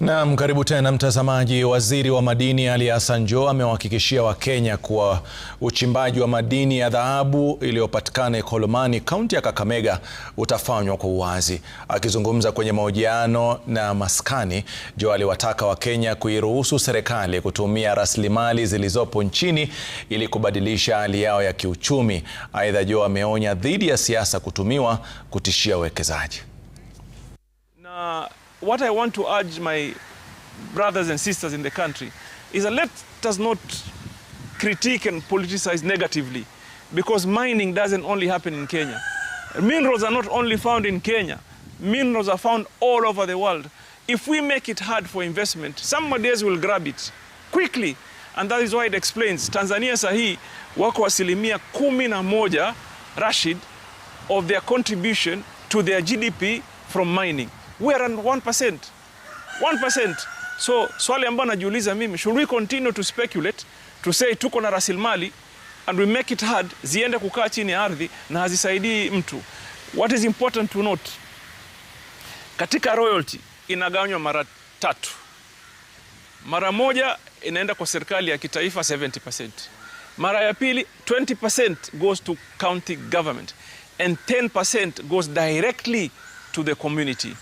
Naam, karibu tena mtazamaji. Waziri wa madini Ali Hassan Joho amewahakikishia Wakenya kuwa uchimbaji wa madini ya dhahabu iliyopatikana Ikolomani, kaunti ya Kakamega utafanywa kwa uwazi. Akizungumza kwenye mahojiano na Maskani, Joho aliwataka Wakenya kuiruhusu serikali kutumia rasilimali zilizopo nchini ili kubadilisha hali yao ya kiuchumi. Aidha, Joho ameonya dhidi ya siasa kutumiwa kutishia uwekezaji na what I want to urge my brothers and sisters in the country is that let us not critique and politicize negatively because mining doesn't only happen in Kenya. Minerals are not only found in Kenya. Minerals are found all over the world. If we make it hard for investment, somebody else will grab it quickly. And that is why it explains Tanzania sahi wako asilimia kumi na moja Rashid of their contribution to their GDP from mining we are on 1%. 1%. So swali ambayo najiuliza mimi, should we continue to speculate to say tuko na rasilimali and we make it hard ziende kukaa chini ya ardhi na hazisaidii mtu. What is important to note, katika royalty inagawanywa mara tatu. Mara moja inaenda kwa serikali ya kitaifa 70%. Mara ya pili 20% goes to county government and 10% goes directly to the community.